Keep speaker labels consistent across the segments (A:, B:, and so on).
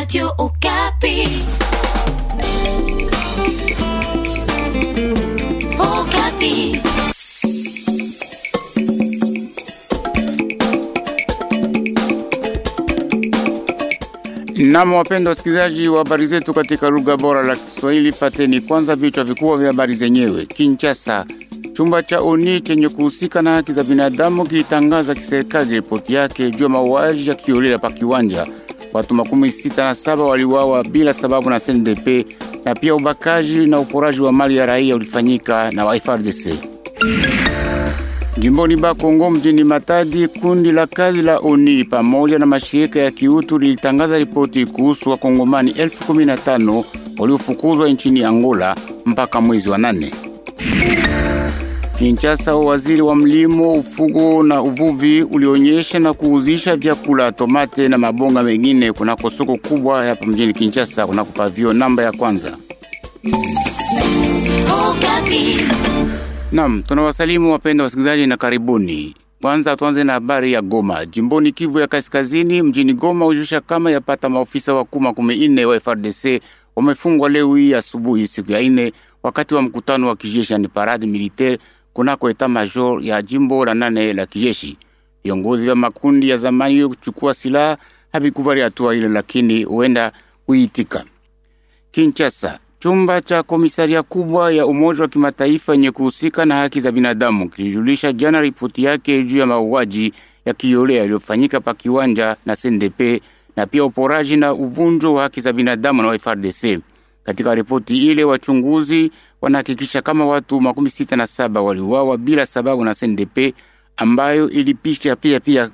A: Radio Okapi. Okapi.
B: Namo wapenda wasikilizaji wa habari zetu katika lugha bora la Kiswahili, pateni kwanza vichwa vikubwa vya habari zenyewe. Kinshasa, chumba cha oni chenye kuhusika na haki za binadamu kilitangaza kiserikali ripoti yake juu ya mauaji ya kiolela pa kiwanja watu makumi sita na saba waliuawa bila sababu na SNDP na pia ubakaji na uporaji wa mali ya raia ulifanyika na wa frdc Jimboni Bakongo mjini Matadi, kundi la kazi la ONI pamoja na mashirika ya kiutu lilitangaza ripoti kuhusu wakongomani 15 waliofukuzwa nchini Angola mpaka mwezi wa nane. Kinshasa, waziri wa mlimo, ufugo na uvuvi ulionyesha na kuuzisha vyakula tomate na mabonga mengine kunako soko kubwa hapa mjini Kinshasa, kunako pavio namba ya kwanza. Naam, tunawasalimu wapenda wasikilizaji na karibuni. Kwanza tuanze na habari ya Goma, jimboni Kivu ya Kaskazini. Mjini Goma ujusha kama yapata maofisa wakuu makumi nne wa FRDC wamefungwa leo hii asubuhi, siku ya ine, wakati wa mkutano wa kijeshi, yani parade militaire kunako eta major ya jimbo la nane la kijeshi. Viongozi vya makundi ya zamani kuchukua silaha havikubali hatua ile, lakini huenda kuitika. Kinshasa, chumba cha komisaria kubwa ya Umoja wa Kimataifa yenye kuhusika na haki za binadamu kilijulisha jana ripoti yake juu ya mauaji ya kiolea yaliyofanyika pa kiwanja na CNDP na pia uporaji na uvunjo wa haki za binadamu na FARDC. Katika ripoti ile, wachunguzi wanahakikisha kama watu makumi sita na saba waliuawa bila sababu na SNDP ambayo ilipisha pia pia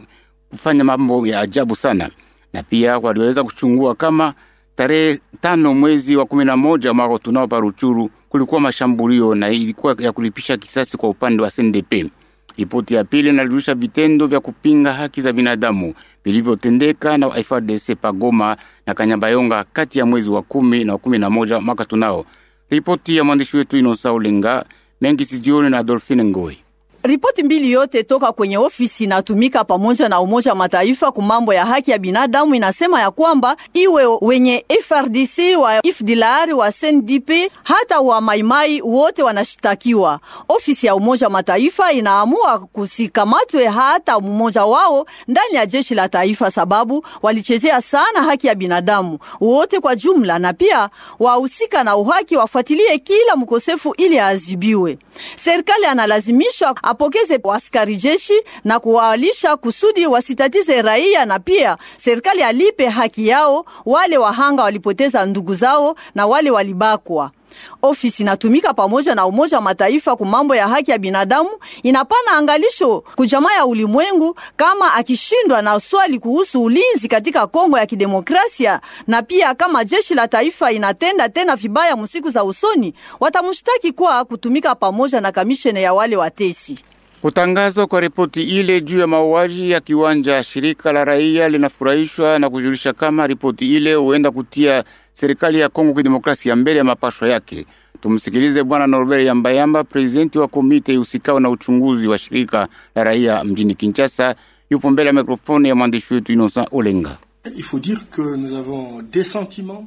B: kufanya mambo ya ajabu sana, na pia waliweza kuchungua kama tarehe tano mwezi wa kumi na moja mwaka tunao pa Ruchuru kulikuwa mashambulio na ilikuwa ya kulipisha kisasi kwa upande wa sndp Ripoti ya pili inalijwisha vitendo vya kupinga haki za binadamu vilivyotendeka na FARDC pagoma na Kanyabayonga kati ya mwezi wa kumi na wa kumi na moja mwaka tunao. Ripoti ya mwandishi wetu Inosa Ulenga mengi sijioni na Adolfine Ngoi.
A: Ripoti mbili yote toka kwenye ofisi inatumika pamoja na Umoja wa Mataifa kwa mambo ya haki ya binadamu inasema ya kwamba iwe wenye FRDC wa FDLR wa SNDP hata wa Maimai wote wanashtakiwa. Ofisi ya Umoja wa Mataifa inaamua kusikamatwe hata mmoja wao ndani ya jeshi la taifa, sababu walichezea sana haki ya binadamu wote kwa jumla, na pia wahusika na uhaki wafuatilie kila mkosefu ili aadhibiwe. Serikali analazimishwa apokeze askari jeshi na kuwaalisha kusudi wasitatize raia, na pia serikali alipe haki yao wale wahanga walipoteza ndugu zao na wale walibakwa. Ofisi inatumika pamoja na Umoja wa Mataifa ku mambo ya haki ya binadamu, inapana angalisho kujamaa ya ulimwengu kama akishindwa na swali kuhusu ulinzi katika Kongo ya Kidemokrasia, na pia kama jeshi la taifa inatenda tena vibaya msiku za usoni, watamshtaki kwa kutumika pamoja na kamishene ya wale watesi.
B: Kutangazwa kwa ripoti ile juu ya mauaji ya kiwanja, shirika la raia linafurahishwa na kujulisha kama ripoti ile huenda kutia serikali ya Kongo Kidemokrasia mbele ya mapashwa yake. Tumsikilize Bwana Norbert Yambayamba, presidenti wa komite usikao na uchunguzi wa shirika la raia mjini Kinshasa. Yupo mbele ya mikrofoni ya mwandishi wetu Innocent Olenga.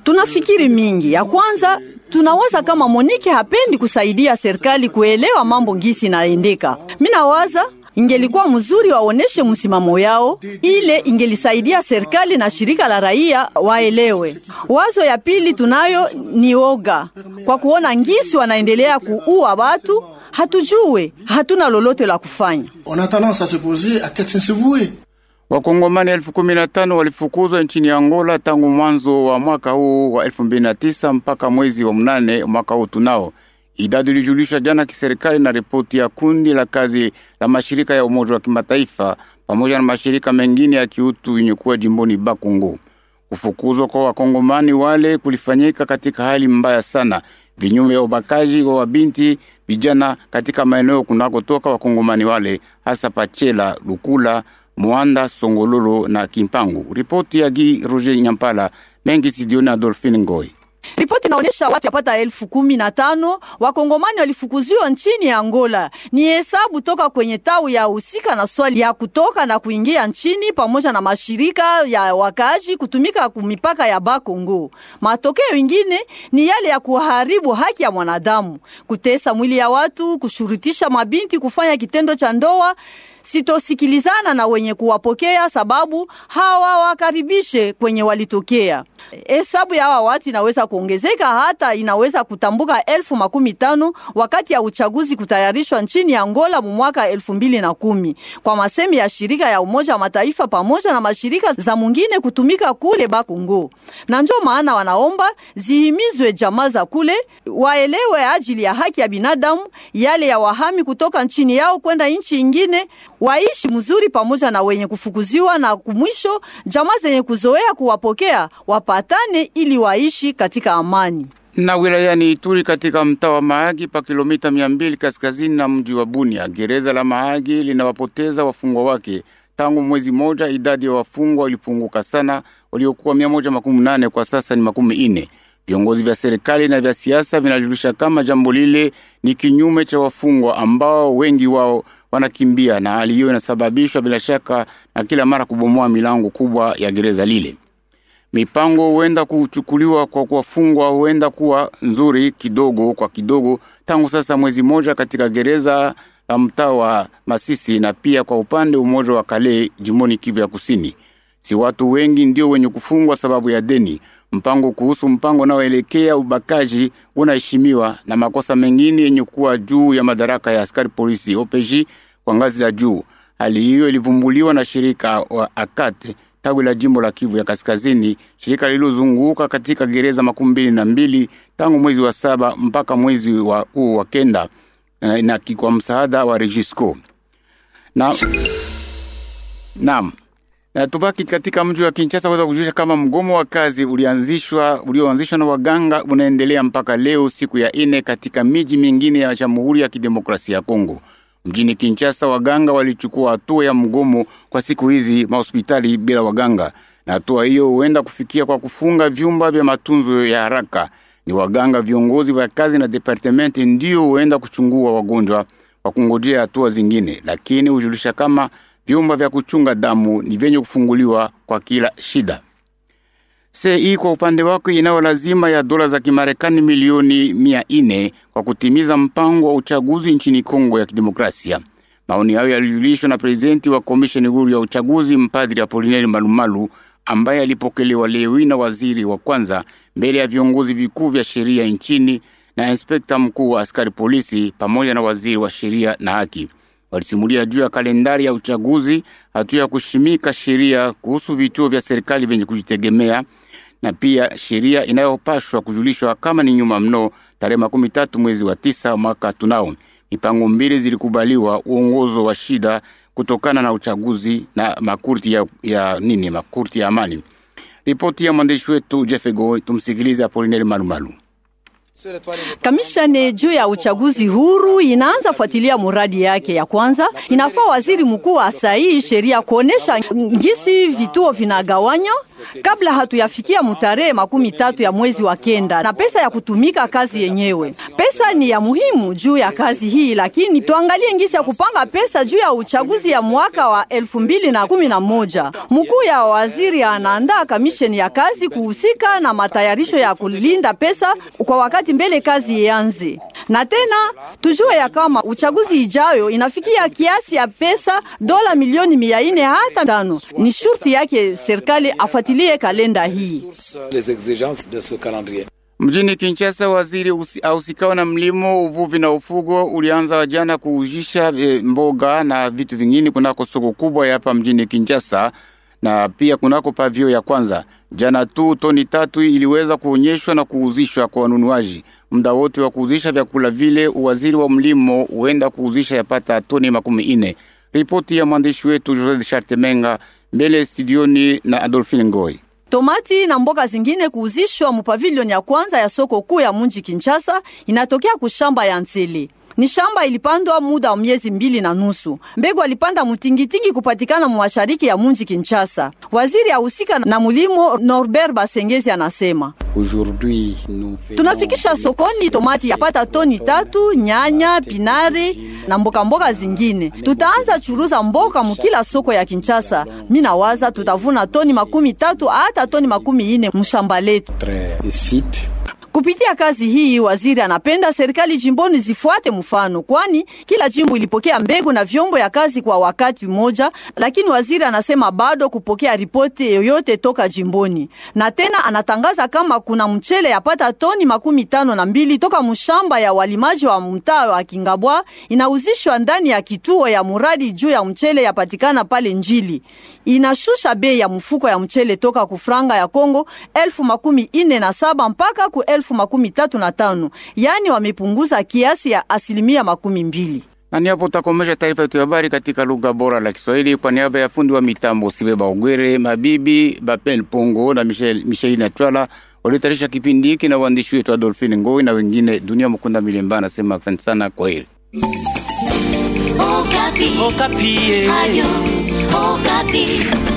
A: Tunafikiri mingi. Ya kwanza tunawaza kama Monike hapendi kusaidia serikali kuelewa mambo ngisi inaendeka. Mimi nawaza Ingelikuwa mzuri waoneshe msimamo yao, ile ingelisaidia serikali na shirika la raia waelewe. Wazo ya pili tunayo ni oga, kwa kuona ngisi wanaendelea kuua watu, hatujue hatuna lolote la kufanya.
B: Wakongomani elfu kumi na tano walifukuzwa nchini Angola tangu mwanzo wa mwaka huu wa elfu mbili na tisa mpaka mwezi wa mnane mwaka huu tunao Idadi ilijulishwa jana kiserikali na ripoti ya kundi la kazi la mashirika ya Umoja wa Kimataifa pamoja na mashirika mengine ya kiutu yenye kuwa jimboni Bakungu. Kufukuzwa kwa wakongomani wale kulifanyika katika hali mbaya sana, vinyume ya ubakaji wa wabinti vijana katika maeneo kunakotoka wakongomani wale, hasa Pachela, Lukula, Mwanda, Songololo na Kimpangu. Ripoti ya Gi Roger Nyampala mengi sidioni Adolfine Ngoi.
A: Ripoti inaonyesha watu yapata elfu kumi na tano wakongomani walifukuziwa nchini Angola. Ni hesabu toka kwenye tawi ya husika na swali ya kutoka na kuingia nchini pamoja na mashirika ya wakaaji kutumika kumipaka ya Bakongo. Matokeo ingine ni yale ya kuharibu haki ya mwanadamu, kutesa mwili ya watu, kushurutisha mabinti kufanya kitendo cha ndoa sitosikilizana na wenye kuwapokea sababu hawawakaribishe kwenye walitokea. Hesabu ya hawa watu inaweza ku kuongezeka hata inaweza kutambuka elfu makumi tano wakati ya uchaguzi kutayarishwa nchini Angola mwaka elfu mbili na kumi kwa masemi ya shirika ya Umoja wa Mataifa pamoja na mashirika za mungine kutumika kule Bakungu, na njo maana wanaomba zihimizwe jamaa za kule waelewe ajili ya haki ya binadamu, yale ya wahami kutoka nchini yao kwenda nchi ingine, waishi mzuri pamoja na wenye kufukuziwa, na kumwisho jamaa zenye kuzoea kuwapokea wapatane ili waishi katika katika amani.
B: Na wilayani Ituri katika mtaa wa Mahagi pa kilomita mia mbili kaskazini na mji wa Bunia, gereza la Mahagi linawapoteza wafungwa wake tangu mwezi moja. Idadi ya wafungwa ilipunguka sana, waliokuwa mia moja makumi nane kwa sasa ni makumi ine. Viongozi vya serikali na vya siasa vinajulisha kama jambo lile ni kinyume cha wafungwa ambao wengi wao wanakimbia, na hali hiyo inasababishwa bila shaka na kila mara kubomoa milango kubwa ya gereza lile mipango huenda kuchukuliwa kwa kuwafungwa huenda kuwa nzuri kidogo kwa kidogo, tangu sasa mwezi moja katika gereza la mtaa wa Masisi na pia kwa upande umoja wa Kale jimoni Kivu ya Kusini. Si watu wengi ndio wenye kufungwa sababu ya deni. Mpango kuhusu mpango unaoelekea ubakaji unaheshimiwa na makosa mengine yenye kuwa juu ya madaraka ya askari polisi opg kwa ngazi za juu. Hali hiyo ilivumbuliwa na shirika wa akate tawi la jimbo la Kivu ya Kaskazini, shirika lililozunguka katika gereza makumi mbili na mbili tangu mwezi wa saba mpaka mwezi wa huu wa kenda eh, na, na kwa msaada wa Regisco na, naam na tubaki katika mji wa Kinshasa kuweza kujulisha kama mgomo wa kazi ulianzishwa ulioanzishwa na waganga unaendelea mpaka leo siku ya ine katika miji mingine ya Jamhuri ya Kidemokrasia ya Kongo. Mjini Kinshasa, waganga walichukua hatua ya mgomo kwa siku hizi mahospitali bila waganga, na hatua hiyo huenda kufikia kwa kufunga vyumba vya matunzo ya haraka. Ni waganga viongozi wa kazi na departementi ndio huenda kuchungua wagonjwa kwa kungojea hatua zingine, lakini hujulisha kama vyumba vya kuchunga damu ni vyenye kufunguliwa kwa kila shida. CI kwa upande wake inayo lazima ya dola za Kimarekani milioni mia ine kwa kutimiza mpango wa uchaguzi nchini Kongo ya Kidemokrasia. Maoni hayo yalijulishwa na prezidenti wa komisheni huru ya uchaguzi mpadri Apolineri Malumalu ambaye alipokelewa leo na waziri wa kwanza mbele ya viongozi vikuu vya sheria nchini na inspekta mkuu wa askari polisi pamoja na waziri wa sheria na haki. Walisimulia juu ya kalendari ya uchaguzi, hatua ya kushimika sheria kuhusu vituo vya serikali vyenye kujitegemea na pia sheria inayopashwa kujulishwa kama ni nyuma mno tarehe makumi tatu mwezi wa tisa mwaka tunao. Mipango mbili zilikubaliwa uongozo wa shida kutokana na uchaguzi na makurti ya, ya nini makurti ya amani. Ripoti ya mwandishi wetu Jeff Goy, tumsikilize Apolinaire Malumalu.
A: Kamishane juu ya uchaguzi huru inaanza fuatilia muradi yake ya kwanza. Inafaa waziri mkuu asahihi sheria kuonesha jinsi vituo vinagawanywa kabla hatuyafikia mutarehe makumi tatu ya mwezi wa kenda, na pesa ya kutumika kazi yenyewe. Pesa ni ya muhimu juu ya kazi hii, lakini tuangalie ngisi ya kupanga pesa juu ya uchaguzi ya mwaka wa elfu mbili na kumi na moja. Mkuu ya waziri anaandaa kamisheni ya kazi kuhusika na matayarisho ya kulinda pesa kwa wakati wakati mbele kazi ianze, na tena tujue ya kama uchaguzi ijayo inafikia kiasi ya pesa dola milioni mia ine hata tano. Ni shurti yake serikali afuatilie kalenda hii.
B: Mjini Kinshasa, waziri ausikao na mlimo, uvuvi na ufugo ulianza jana kuujisha e, mboga na vitu vingine kunako soko kubwa hapa mjini Kinshasa na pia kunako pavio ya kwanza. Jana tu toni tatu iliweza kuonyeshwa na kuuzishwa kwa wanunuaji. Muda wote wa kuuzisha vyakula vile, uwaziri wa mlimo huenda kuuzisha yapata toni makumi ine. Ripoti ya mwandishi wetu Jose de Chartemenga mbele studioni na Adolfine Ngoi.
A: Tomati na mboga zingine kuuzishwa mupavilioni ya kwanza ya soko kuu ya munji Kinshasa inatokea kushamba ya Nzele. Ni shamba ilipandwa muda wa miezi mbili na nusu. Mbegu alipanda mutingitingi kupatikana mu mashariki ya munji Kinshasa. Waziri ahusika na mulimo Norbert Basengezi anasema tunafikisha sokoni tomati yapata toni tatu, nyanya, pinari na mbokamboka zingine. Tutaanza churuza mboka mukila soko ya Kinshasa. Mina waza tutavuna toni makumi tatu hata toni makumi ine mshamba letu. Kupitia kazi hii, waziri anapenda serikali jimboni zifuate mfano, kwani kila jimbo ilipokea mbegu na vyombo ya kazi kwa wakati mmoja, lakini waziri anasema bado kupokea ripoti yoyote toka jimboni, na tena anatangaza kama kuna mchele yapata toni makumi tano na mbili toka mshamba ya walimaji wa mtaa wa Kingabwa inauzishwa ndani ya kituo ya muradi juu ya mchele yapatikana pale Njili. Inashusha bei ya mfuko ya mchele toka kufranga ya Kongo elfu makumi ine na saba mpaka ku elfu elfu makumi tatu na tano yaani wamepunguza kiasi ya asilimia makumi mbili.
B: Na ni hapo utakomesha taarifa yetu ya habari katika lugha bora la Kiswahili. Kwa niaba ya fundi wa mitambo Sibeba Ogwere, Mabibi Bapel Pongo na Michel, Michel Natwala walitarisha kipindi hiki na uandishi wetu Adolfine Ngoi na wengine, Dunia Mukunda Milemba anasema asante sana, kwa heri.
A: Okapi. Okapi. Eh. Ayo, Okapi.